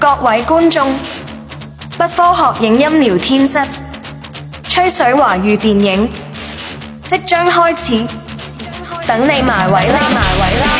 .各位觀眾，不科學影音聊天室，吹水華語電影，即將開始，開始，等你埋位啦，埋位啦！